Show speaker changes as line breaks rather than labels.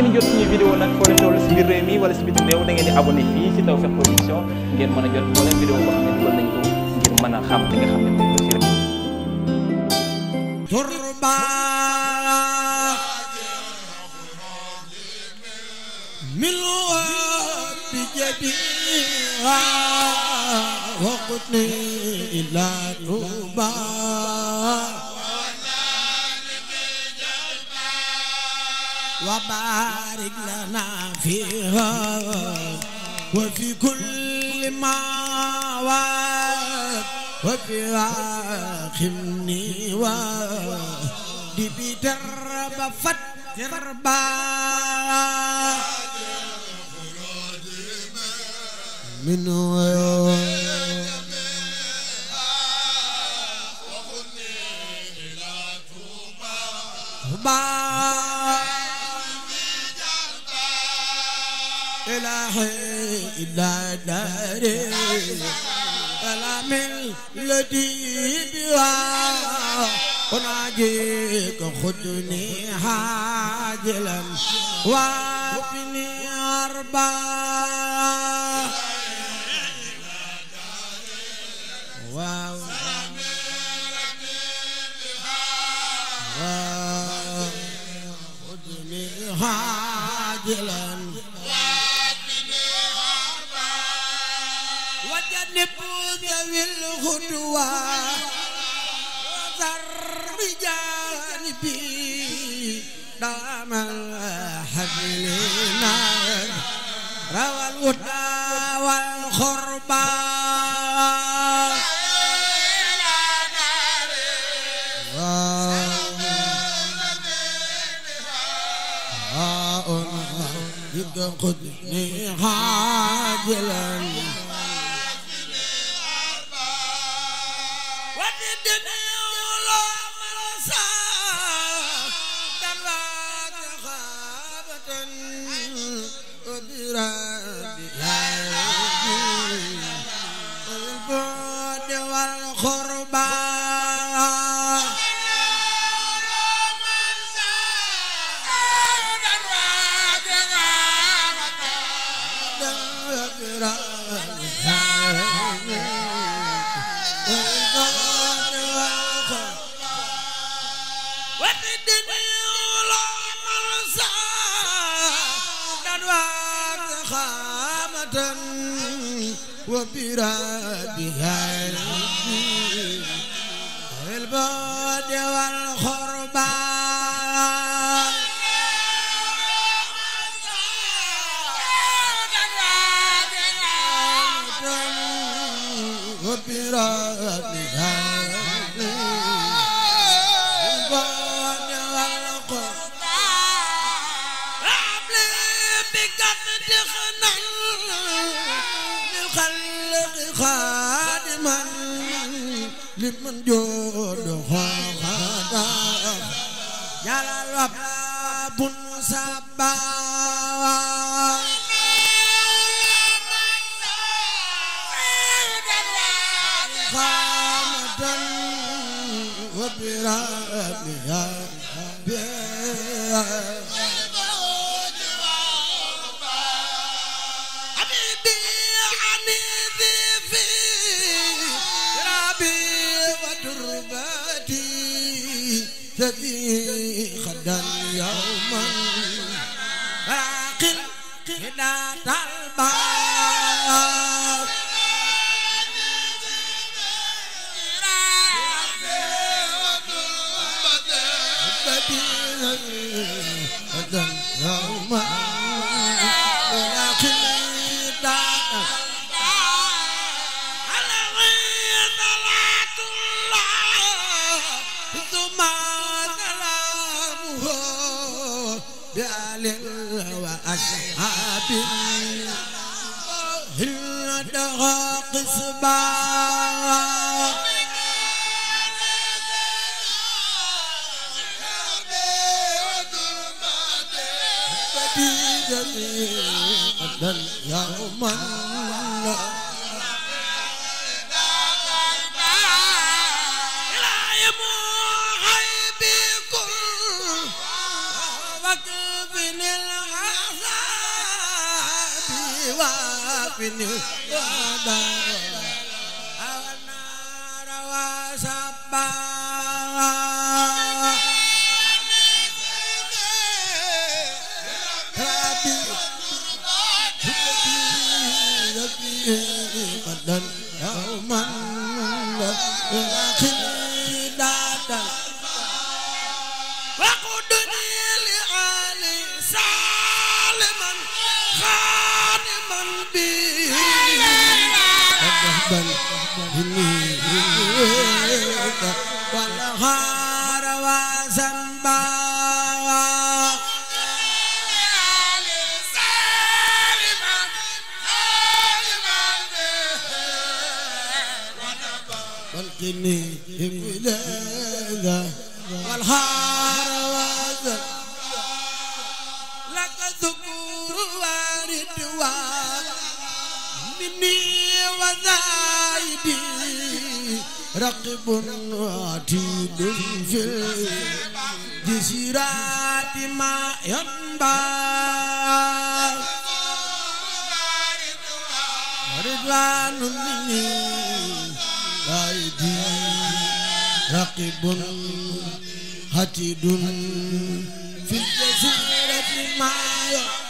ngeen jot suñu vidéo nag foo leen toll si biir réew mi wala si biti réew da ngeen di abonné fii si Tawfekh Production ngeen mën a jot moo leen vidéo boo xam ne dugal nañ ko ngir mën a xam li nga xam ne moom la rek. turba min wa bi jadi wa waqtni ila tuba وبارك لنا فيها وفي كل ما وات وفي آخمني ودي بترب فتربا منه إله إلا داري فلا من الذي بها وناجيك خدني حاجلا وابني أربا واو خدني حاجلا بالغدوة وذر بجانبي دام الحبلين روى الودى والخربان قدني Yeah. أبدا وبرابها الدين البعد والخربان وبرابها من لمن جود خوانا يا رب بن سبا خامدا وبرامها بها يوما راق قناة الباب يوما راق قناة الباب وأصحابي هل دغا قصبا جميعا يوما وابن ودار النار وسبا ربي ربي قد يوما لكن حبا إني إليك والغار وزنبا والغار وزنبا رقب وعتيد في الجسيرات ما ينبع رضوان مني بايدي رقب عتيد في الجسيرة ما ينبع